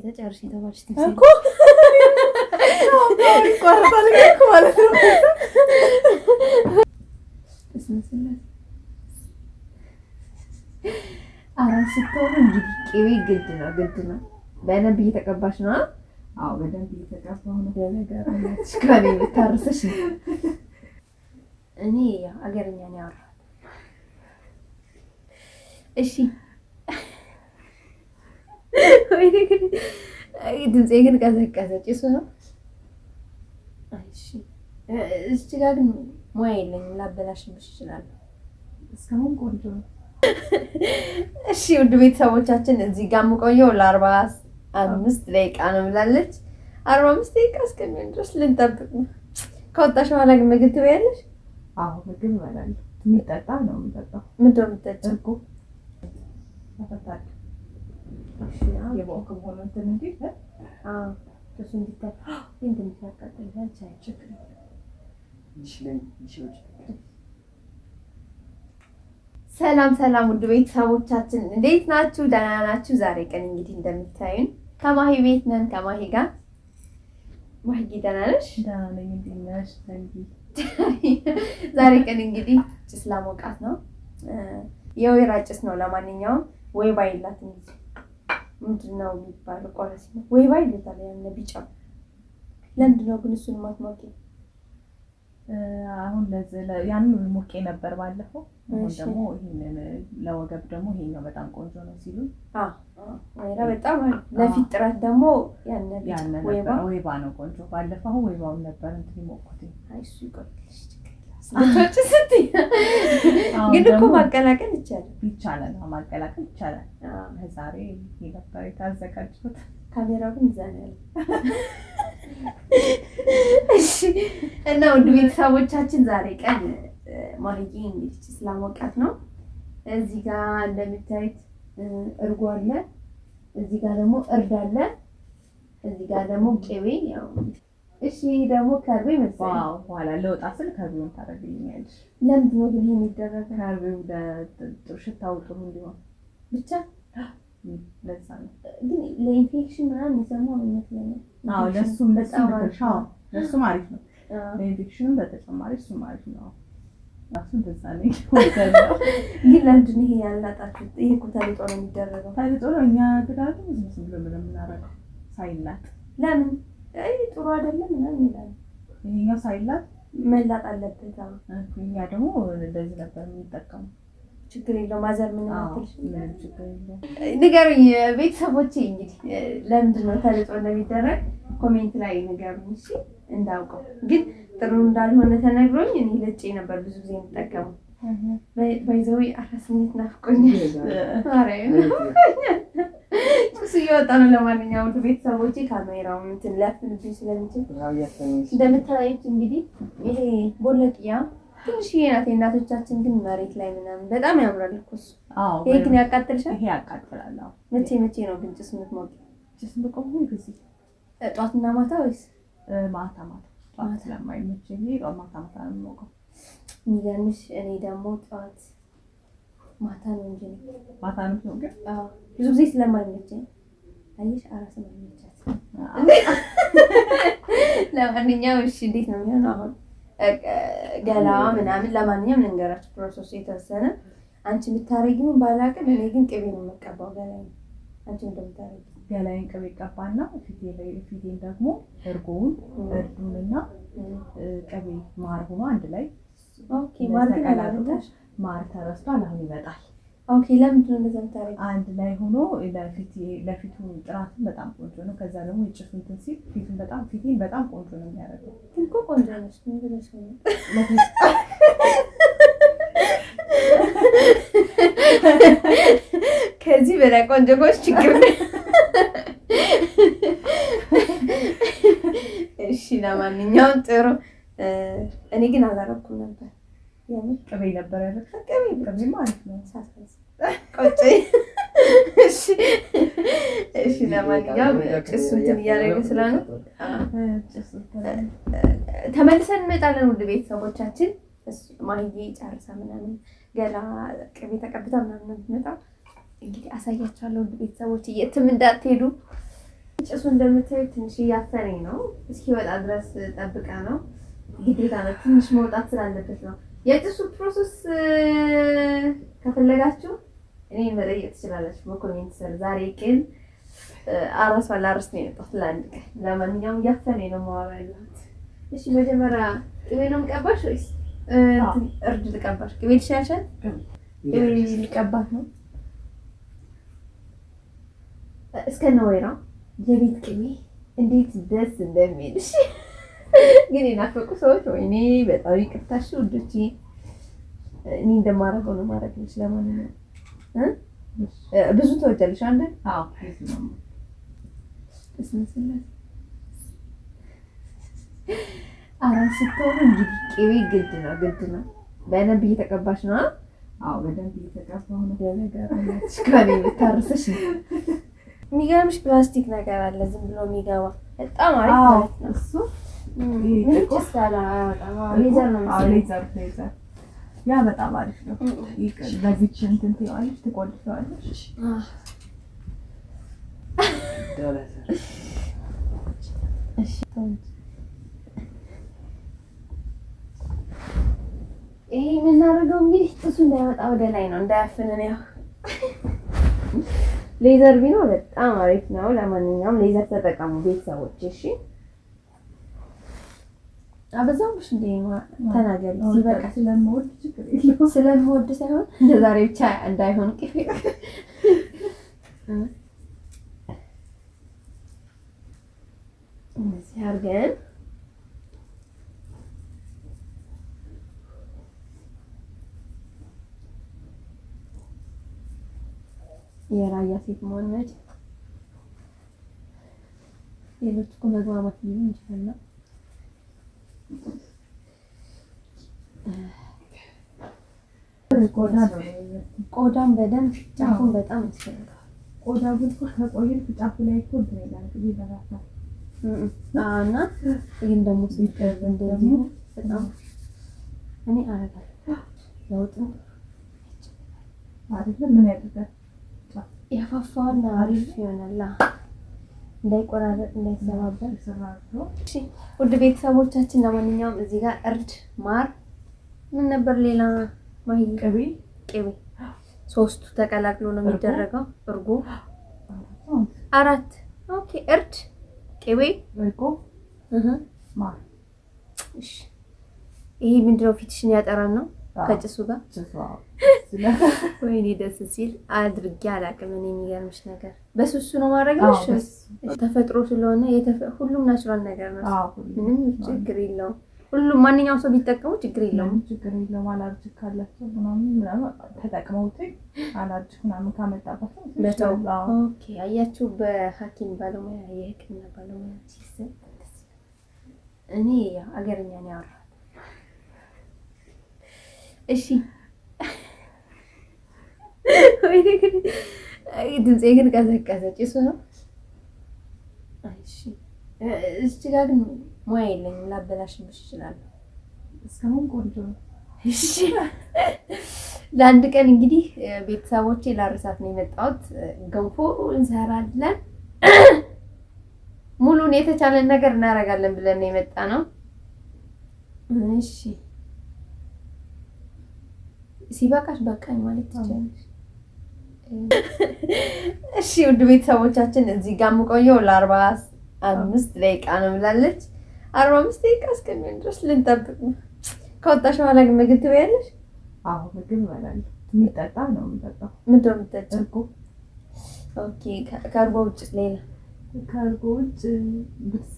partita già riuscita a farci insieme. Ecco. no, no, guardate che cuore. Questo non sembra... አራት ስትሆኑ እንግዲህ ቅቤ ግድ ነው ግድ ነው። በደንብ እየተቀባሽ ነው። አዎ በደንብ እየተቀባ ሆነ ለነገር ሽካሪ የምታርሰሽ እኔ አገርኛ ነው ያወራሁት። እሺ ድምፄ ግን ቀዘቀዘች። እሱ ነው እዚህ ጋ ግን ሙያ የለኝም፣ ላበላሽብሽ እችላለሁ። እስካሁን ቆንጆ ነው። እሺ ውድ ቤተሰቦቻችን እዚህ ጋር የምቆየው ለአርባ አምስት ደቂቃ ነው ብላለች። አርባ አምስት ደቂቃ እስከሚሆን ድረስ ልንጠብቅ ነው። ከወጣሽ በኋላ ግን ምግብ ትበያለሽ? አዎ ምግብ እበላለሁ። የሚጠጣ ነው የምጠጣው። ምንድን ነው የምጠጪው? እርጎ የበቁ በሆነ እንትን እንጂ እሱ እንዲታይ እንደሚታቀጥል ችግር ሰላም ሰላም፣ ውድ ቤተሰቦቻችን እንዴት ናችሁ? ደህና ናችሁ? ዛሬ ቀን እንግዲህ እንደምታዩን ከማሂ ቤት ነን። ከማሂ ጋር ማሂ ደህና ነሽ? ዛሬ ቀን እንግዲህ ጭስ ላሞቃት ነው፣ የወይራ ጭስ ነው። ለማንኛውም ወይ ባይላት እንግዲህ ምንድን ነው የሚባለው? ቆረሲ ነው ወይ ባይ ይሉታል። ቢጫ ቢጫው ነው ግን እሱን ማትሞቂ? አሁን ያንን ሞቄ ነበር ባለፈው። ደግሞ ይሄንን ለወገብ ደግሞ ይሄኛው በጣም ቆንጆ ነው ሲሉ በጣም ለፊት ጥረት ደግሞ ያነ ወይባ ነው ቆንጆ። ባለፈው አሁን ወይባውን ነበር እንትን ሞቁት። አይ እሱ ይቆጥልሽ ስቶች ስት ግን እኮ ማቀላቀል ይቻላል ይቻላል ማቀላቀል ይቻላል። ዛሬ ነበር የታዘጋጅኩት ካሜራው ግን እዛ ነው ያለው። እሺ እና ውድ ቤተሰቦቻችን ዛሬ ቀን ማርዬ እንግዲህ ስላሞቃት ነው። እዚህ ጋር እንደምታዩት እርጎ አለ። እዚህ ጋር ደግሞ እርድ አለ። እዚህ ጋር ደግሞ ቅቤ ያው እሺ ደግሞ ከርቤ መሰለኝ። በኋላ ኋላ ለወጣ ስል ከርቤውን ታደርግልኛለሽ። ለምንድን ነው ግን ይሄ የሚደረገ? ከርቤው ለጥሩ ሽታው ጥሩ እንዲሆን ብቻ ለዛ ነው። ግን ለኢንፌክሽን ምናምን የሚሰማው ይመስለኛል። አዎ ለእሱም ለእሱም አሪፍ ነው። ለኢንፌክሽንም በተጨማሪ እሱም አሪፍ ነው። ራሱን በዛ ላይ ግን ለምንድን ነው ይሄ ያልናጣችሁት? ይሄ እኮ ተልጦ ነው የሚደረገው። ተልጦ ነው እኛ ግዳቱ ዝም ብሎ ምንም የምናደርገው ለምን አይ ጥሩ አይደለም ምናምን ይላል። ይሄኛው ሳይላት መላጥ አለበት። እኛ ደግሞ እንደዚህ ነበር የምንጠቀመው። ችግር የለው ማዘር፣ ምን ንገሩኝ። ቤተሰቦቼ እንግዲህ ለምንድን ነው ተልጦ እንደሚደረግ ኮሜንት ላይ ንገሩኝ እሺ፣ እንዳውቀው። ግን ጥሩ እንዳልሆነ ተነግሮኝ እኔ ልጬ ነበር ብዙ ጊዜ የምጠቀመው። ባይዘዊ አራስነት ናፍቆኛል ማርያም እየወጣ ነው። ለማንኛውም ቤተሰቦች ካሜራው እንትን ሊያፍንብኝ ስለሚችል እንደምታዩት እንግዲህ ይሄ ቦለቅያ ትንሽ ናት። የእናቶቻችን ግን መሬት ላይ ምናምን በጣም ያምራል እኮ እሱ። ይሄ ግን ያቃጥልሻል። ይሄ ያቃጥላል። መቼ መቼ ነው ግን ጭስ የምትሞቂ? ጭስ የምቆመው ጊዜ ጠዋትና ማታ ወይስ ማታ ማታ? ጠዋት ስለማይመች ማታ ማታ ነው የምሞቀው። የሚገርምሽ እኔ ደግሞ ጠዋት ማታ ነው እንጂ ማታ ነው ግን ብዙ ጊዜ ስለማይመቸኝ አየሽ አራስ ነው ለማንኛውም እሺ፣ እንዴት ነው የሚሆነው አሁን ገላ ምናምን? ለማንኛውም ልንገራችሁ ፕሮሰሱ የተወሰነ አንቺ የምታረጊውን ባላቅም፣ እኔ ግን ቅቤ ነው የምቀባው ገላ። አንቺ እንደምታረጊ ገላይን ቅቤ ቀባና ፊቴን ደግሞ እርጎውን እርዱንና ቅቤ ማር ሆኖ አንድ ላይ ማር ተረስቷል፣ አሁን ይመጣል ኦኬ ለምንድነው እንደዛ የምታደርጊው? አንድ ላይ ሆኖ ለፊቱ ጥራትን በጣም ቆንጆ ነው። ከዛ ደግሞ የጭሱ እንትን ሲል ፊቱን በጣም በጣም ቆንጆ ነው የሚያደርገው። እኮ ቆንጆ ነች ከዚህ በላይ ቆንጆ ጎች ችግር ነው። እሺ ለማንኛውም ጥሩ። እኔ ግን አላረኩም ነበር ቅቤ ነበር ያደረግሽው? ቅቤ ቅቤ ማለት ነው። ቆጭ እሺ። ለማንኛውም ጭሱ እንትን እያደረገ ተመልሰን እንመጣለን። ውድ ቤተሰቦቻችን ማህዬ ጨርሳ ምናምን ገና ቅቤ ተቀብታ ምናምን ትመጣ እንግዲህ አሳያቸዋለ ውድ ቤተሰቦች የትም እንዳትሄዱ። ጭሱ እንደምታዩት ትንሽ እያፈረኝ ነው። እስኪወጣ ድረስ ጠብቀ ነው ግዴታ ነው። ትንሽ መውጣት ስላለበት ነው። የጭሱ ፕሮሰስ ከፈለጋችሁ እኔ መጠየቅ ትችላላችሁ በኮሜንት ስር። ዛሬ ግን አራስ ላርስ ነው የመጣሁት ለአንድ ቀን። ለማንኛውም እያፈኔ ነው ማወራ ያለሁት። እሺ መጀመሪያ ቅቤ ነው የምቀባሽ ወይስ እርድ ልቀባሽ? ቅቤ ልሻሻል ቅቤ ልቀባት ነው እስከ ነወይ ነው የቤት ቅቤ እንዴት ደስ እንደሚል እሺ ግን የናፈቁ ሰዎች ወይኔ በጣም ይቅርታሽ ውዶቼ፣ እኔ እንደማደርገው ነው ማድረግ ነው። ለማንኛውም ብዙ ትወጃለሽ አንድ አራት ስትሆኑ እንግዲህ ቅቤ ግድ ነው ግድ ነው። በደንብ እየተቀባሽ ነው። አዎ በደንብ እየተቀባሁ ነው። ለነገር የምታርስሽ የሚገርምሽ ፕላስቲክ ነገር አለ ዝም ብሎ የሚገባ በጣም አሪፍ ነው እሱ ያ በጣም አሪፍ ነው። በዚች እንትን ትይዋለሽ፣ ትቆልፊዋለሽ። ይሄ የምናደርገው እንግዲህ ጥሱ እንዳይወጣ ወደ ላይ ነው፣ እንዳያፍንን። ያው ሌዘር ቢኖር በጣም አሪፍ ነው። ለማንኛውም ሌዘር ተጠቀሙ ቤተሰቦች፣ እሺ። አበዛሁሽ እንደ ተናገሪ ሲበቃ ስለምወድ ችግር የለውም ስለምወድ ሳይሆን እንደዛሬ ብቻ እንዳይሆን ቅፌ እዚህ አድርገን የራያ ሴት መሆን መች ሌሎች እኮ መግባባት ሊሆን ይችላል ነው ቆዳ ነው። ቆዳም በደንብ ጫፉን በጣም ያስፈልጋል። ቆዳ ግን እኮ ከቆየን ጫፉ ላይ እኮ ይላል ይበራታል። እና ይህን ደግሞ ሲቀርብ እንደዚህ በጣም እኔ አረጋለሁ። ለውጥ አይደለም ምን ያደርጋል ያፋፋዋና አሪፍ ይሆናል። እንዳይቆራረጥ እንዳይሰባበር ውድ ቤተሰቦቻችን፣ ለማንኛውም እዚህ ጋር እርድ ማር ምን ነበር ሌላ ቅቤ ቅቤ ሶስቱ ተቀላቅሎ ነው የሚደረገው። እርጎ አራት ኦኬ። እርድ ቅቤ፣ እርጎ እሺ፣ ይሄ ምንድን ነው? ፊትሽን ያጠራን ነው ከጭሱ ጋር ወይኔ ደስ ሲል አድርጌ አላውቅም። እኔ የሚገርምሽ ነገር በሱሱ ነው ማድረግ ተፈጥሮ ስለሆነ ሁሉም ናቹራል ነገር ነው። ምንም ችግር የለውም። ሁሉም ማንኛውም ሰው ቢጠቀሙ ችግር የለውም ችግር የለውም። አላርጅ ካላቸው ምናምን ምናምን ተጠቅመውት አላርጅክ ምናምን ካመጣባቸው መተው። ኦኬ አያችሁ፣ በሐኪም ባለሙያ የህክምና ባለሙያ ሲስም እኔ አገርኛ ነው ያወራሁት። እሺ ግን ድምፄ ግን ቀዘቀዘ ጭሱ ነው። እሺ ጋር ግን ሙያ የለኝም፣ ላበላሽብሽ ይችላል። እስካሁን ቆንጆ ነው። ለአንድ ቀን እንግዲህ ቤተሰቦቼ ላርሳት ነው የመጣሁት። ገንፎ እንሰራለን፣ ሙሉን የተቻለን ነገር እናደርጋለን ብለን ነው የመጣ ነው። እሺ ሲበቃሽ በቃኝ ማለት እሺ ውድ ቤተሰቦቻችን እዚህ ጋር የምቆየው ለአርባ አምስት ደቂቃ ነው ብላለች። አርባ አምስት ደቂቃ እስከሚሆን ድረስ ልንጠብቅ ነው። ከወጣሽ በኋላ ግን ምግብ ትበያለሽ? አዎ ምግብ ይበላል። የሚጠጣ ነው የምጠጣው። ምንድ ነው የምጠጣው? እርጎ። ኦኬ። ከእርጎ ውጭ ሌላ? ከእርጎ ውጭ ብስ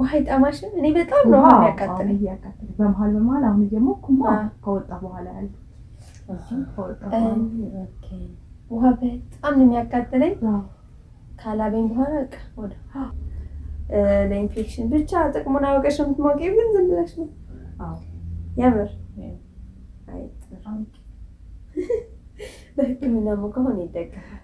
ውሃ አይጠማሽም? እኔ በጣም ነው ውሃ ያቃጥለኝ ያቃጥለኝ። በመሀል በመሀል አሁን እየሞኩማ ከወጣ በኋላ ያለ ውሃ በጣም ነው የሚያቃጥለኝ። ካላበኝ በኋላ በቃ ወደ ለኢንፌክሽን ብቻ ጥቅሙን አውቀሽ የምትሞቂው ግን ዝም ብለሽ ነው። የምር በህክምና ከሆነ ይደገፋል።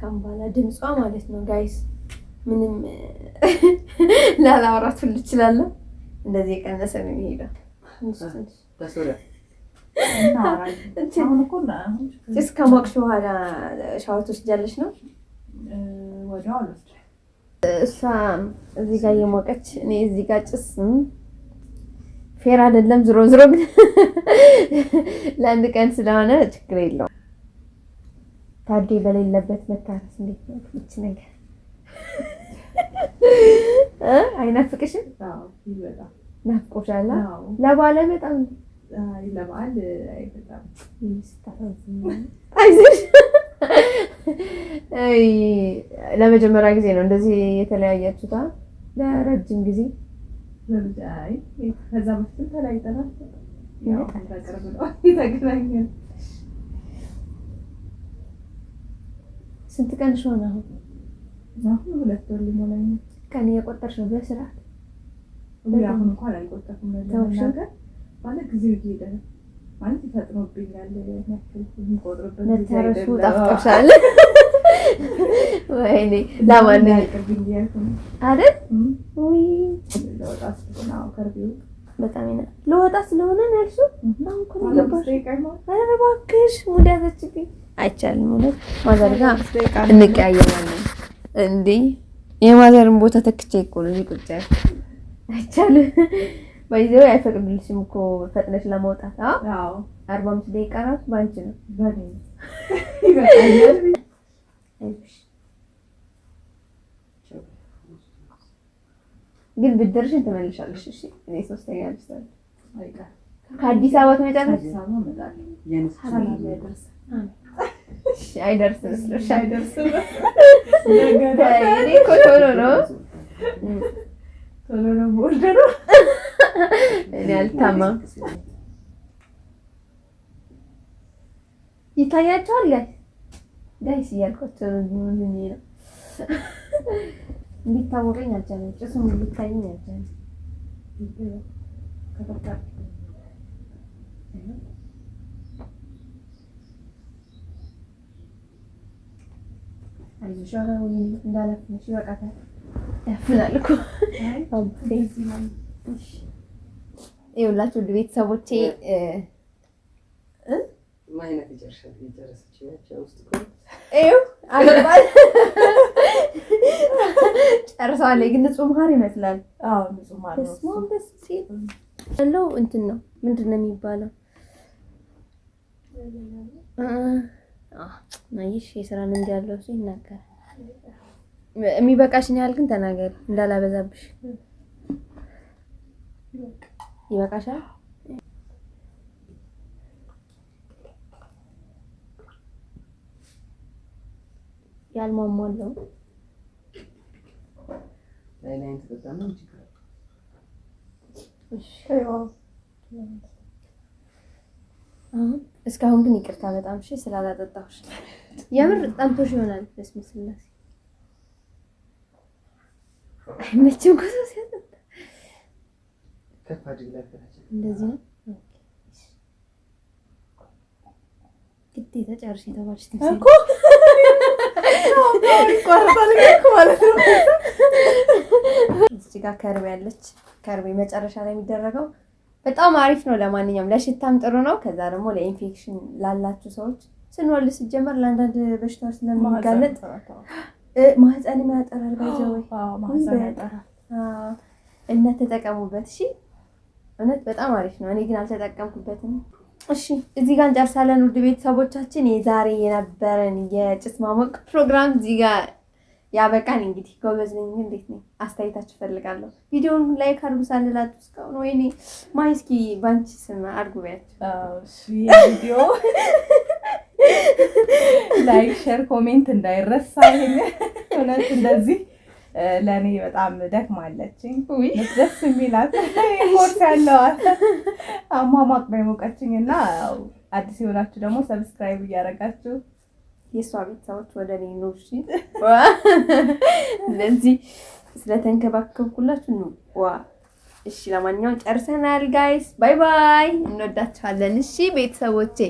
ከም በኋላ ድምጿ ማለት ነው ጋይስ ምንም ላላውራት ሁሉ እችላለሁ። እንደዚህ የቀነሰ ነው የሚሄደው። እስከ ሞቅሽ በኋላ ሻወር ትወስጃለሽ ነው ወዲያው አልወስድም። እሷ እዚህ ጋር እየሞቀች እኔ እዚህ ጋር ጭስ ፌር አይደለም። ዝሮ ዝሮ ግን ለአንድ ቀን ስለሆነ ችግር የለውም። ታዴ በሌለበት መታረስ እንዴት ነው ይች ነገር? አይናፍቅሽም? ናፍቆሻል። ለበዓል አይመጣም። ለበዓል አይመጣም። ለመጀመሪያ ጊዜ ነው እንደዚህ የተለያያችሁታ? ለረጅም ጊዜ ከዛ በፊትም ተለያይተናል። ስንት ቀን ሆነ? አሁን ሁለት ወር ሊሞላኝ ቀን እየቆጠርሽ ነው በስርዓት? አሁን እንኳን አልቆጠርኩም። ነገር ጊዜ ሄደ ማለት ይፈጥኖብኛል መተረሱ ጠፍጠፍሻል ወይኔ ለማንቅብኝ አይደል በጣም ለወጣ ስለሆነ ነርሱ ኧረ እባክሽ ሙድ ያዘችብኝ አይቻልም እውነት ማዘር ጋር እንቀያየራለን እንዴ የማዘርን ቦታ ተክቼ እኮ ነው እዚህ ቁጭ አይቻልም በይዘው አይፈቅድልሽም እኮ ፈጥነሽ ለመውጣት። አዎ አርባ አምስት ደቂቃ ራሱ በአንቺ ነው። ግን ብድርሽን ትመልሻለሽ። እሺ እኔ ሶስተኛ ልጅ ከአዲስ አበባ ትመጫለሽ። አይደርስም ስለሽ አይደርስም። እኔ ቶሎ ነው ቶሎ ነው ቦርደሩ እኔ አልታማም። ይታያቸዋል ጋይ ጋይስ እያልኳቸው ምን ነው እንዲታወቀኝ አልቻለም። ጭሱም እንዲታየኝ አልቻለም። አይዞሽ እንዳላፍንሽ ይበቃታል። ያፍናል እኮ ይኸውላችሁ ውድ ቤተሰቦቼ ጨርሰዋል። ግን ንጹህ ማር ይመስላል። ደስ ሲል ያለው እንትን ነው። ምንድን ነው የሚባለው? ይሽ የስራ ልምድ ያለው እሱ ይናገራል። የሚበቃሽን ያህል ግን ተናገሪ እንዳላበዛብሽ። ይበቃሻል። ያልሟሟል እስካሁን ግን ይቅርታ በጣም እሺ፣ ስላላጠጣሁሽ የምር ጠምቶሽ ይሆናል። በስመ ስላሴ አይመችም። ከባድ እንደዚህ ነው። ግዴታ ጨርሼ የተባልሽ እዚህ ጋር ከርቤ ያለች ከርቤ መጨረሻ ላይ የሚደረገው በጣም አሪፍ ነው። ለማንኛውም ለሽታም ጥሩ ነው። ከዛ ደግሞ ለኢንፌክሽን ላላቸው ሰዎች ስንወልድ ሲጀመር ለአንዳንድ በሽታዎች ስለሚጋለጥ ማህፀን ያጠራል። ባይዘ እና ተጠቀሙበት እሺ። እውነት በጣም አሪፍ ነው። እኔ ግን አልተጠቀምኩበትም። እሺ እዚህ ጋር እንጨርሳለን። ውድ ቤተሰቦቻችን የዛሬ የነበረን የጭስ ማሞቅ ፕሮግራም እዚህ ጋር ያበቃን። እንግዲህ ጎበዝ ነኝ እንዴት ነው? አስተያየታችሁ ፈልጋለሁ። ቪዲዮውን ላይክ አድርጉ ሳልላችሁ እስካሁን ወይኔ ማይ እስኪ ባንቺ ስም አድርጉ ብያችሁ ቪዲዮ ላይክ፣ ሼር፣ ኮሜንት እንዳይረሳ። ይሄ እውነት እንደዚህ ለእኔ በጣም ደክማለችኝ። ደስ የሚላት ፖርት ያለዋል አሟሟቅ ነው የሞቀችኝ። እና አዲስ የሆናችሁ ደግሞ ሰብስክራይብ እያደረጋችሁ የእሷ ቤተሰቦች ወደ እኔ ኑ። እሺ፣ ስለዚህ ስለተንከባከብኩላችሁ ዋ እሺ፣ ለማንኛውም ጨርሰናል ጋይስ፣ ባይ ባይ። እንወዳችኋለን። እሺ ቤተሰቦቼ